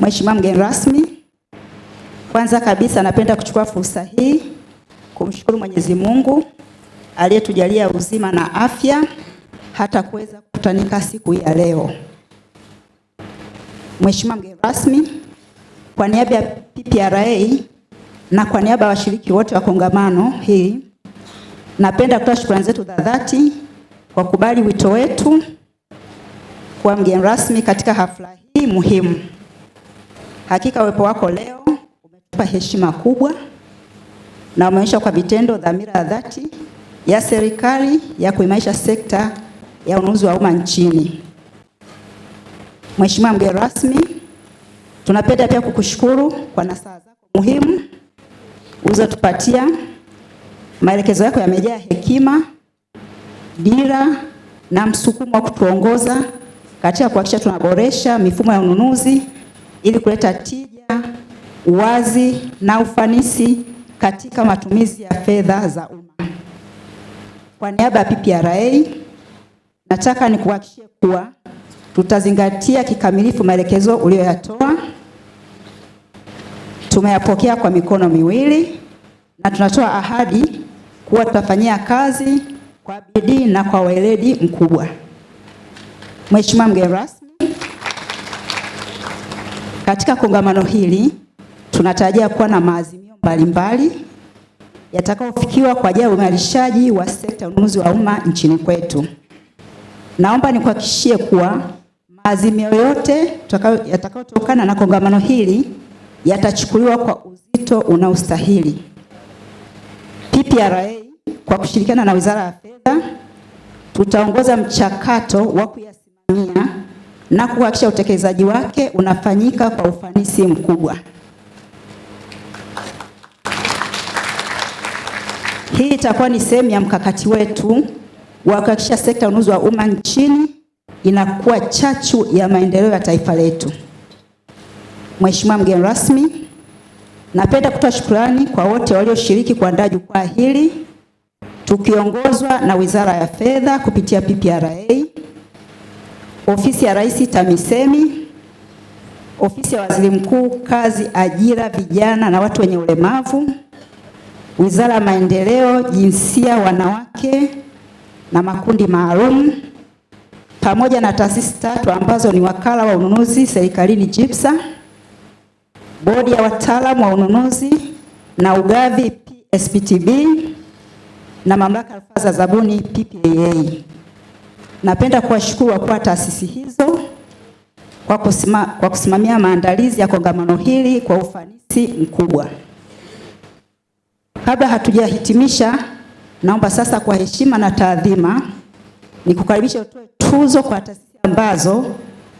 Mheshimiwa mgeni rasmi, kwanza kabisa napenda kuchukua fursa hii kumshukuru Mwenyezi Mungu aliyetujalia uzima na afya hata kuweza kukutanika siku ya leo. Mheshimiwa mgeni rasmi, kwa niaba ya PPRA na kwa niaba ya washiriki wote wa kongamano hii, napenda kutoa shukrani zetu za dhati kwa kubali wito wetu kuwa mgeni rasmi katika hafla hii muhimu. Hakika uwepo wako leo umetupa heshima kubwa na umeonyesha kwa vitendo dhamira ya dhati ya serikali ya kuimarisha sekta ya ununuzi wa umma nchini. Mheshimiwa mgeni rasmi, tunapenda pia kukushukuru kwa nasaha zako muhimu ulizotupatia. Maelekezo yako yamejaa hekima, dira na msukumo wa kutuongoza katika kuhakikisha tunaboresha mifumo ya ununuzi ili kuleta tija, uwazi na ufanisi katika matumizi ya fedha za umma. Kwa niaba ya PPRA nataka nikuhakikishie kuwa tutazingatia kikamilifu maelekezo uliyoyatoa. Tumeyapokea kwa mikono miwili na tunatoa ahadi kuwa tutafanyia kazi kwa bidii na kwa weledi mkubwa. Mheshimiwa mgeni rasmi katika kongamano hili tunatarajia kuwa na maazimio mbalimbali yatakayofikiwa kwa ajili ya uimarishaji wa sekta ya ununuzi wa umma nchini kwetu. Naomba nikuhakikishie kuwa maazimio yote yatakayotokana na kongamano hili yatachukuliwa kwa uzito unaostahili. PPRA kwa kushirikiana na Wizara ya Fedha tutaongoza mchakato wa na kuhakikisha utekelezaji wake unafanyika kwa ufanisi mkubwa. Hii itakuwa ni sehemu ya mkakati wetu wa kuhakikisha sekta ya ununuzi wa umma nchini inakuwa chachu ya maendeleo ya taifa letu. Mheshimiwa mgeni rasmi, napenda kutoa shukrani kwa wote walioshiriki kuandaa jukwaa hili tukiongozwa na Wizara ya Fedha kupitia PPRA ofisi ya Rais TAMISEMI, ofisi ya Waziri Mkuu, kazi, ajira, vijana na watu wenye ulemavu, Wizara ya Maendeleo, Jinsia, Wanawake na makundi maalum, pamoja na taasisi tatu ambazo ni Wakala wa Ununuzi Serikalini JIPSA, Bodi ya Wataalamu wa Ununuzi na Ugavi PSPTB na Mamlaka ya Rufaa za Zabuni PPAA. Napenda kuwashukuru wakuu wa taasisi hizo kwa, kusima, kwa kusimamia maandalizi ya kongamano hili kwa ufanisi mkubwa. Kabla hatujahitimisha, naomba sasa kwa heshima na taadhima nikukaribisha utoe tuzo kwa taasisi ambazo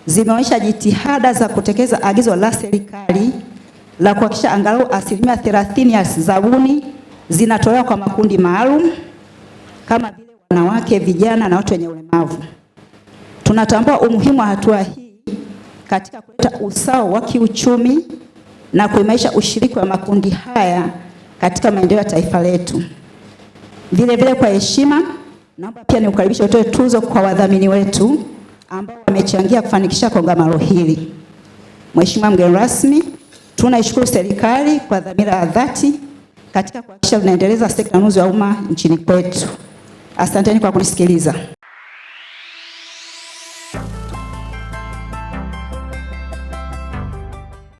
zimeonyesha jitihada za kutekeleza agizo la serikali la kuhakikisha angalau asilimia 30 ya zabuni zinatolewa kwa makundi maalum kama vile wanawake, vijana na watu wenye ulemavu. Tunatambua umuhimu wa hatua hii katika kuleta usawa wa kiuchumi na kuimarisha ushiriki wa makundi haya katika maendeleo ya taifa letu. Vile vile, kwa heshima, naomba pia niukaribisha utoe tuzo kwa wadhamini wetu ambao wamechangia kufanikisha kongamano hili. Mheshimiwa mgeni rasmi, tunaishukuru serikali kwa dhamira ya dhati katika kuhakikisha tunaendeleza sekta ya ununuzi wa umma nchini kwetu. Asanteni kwa kunisikiliza.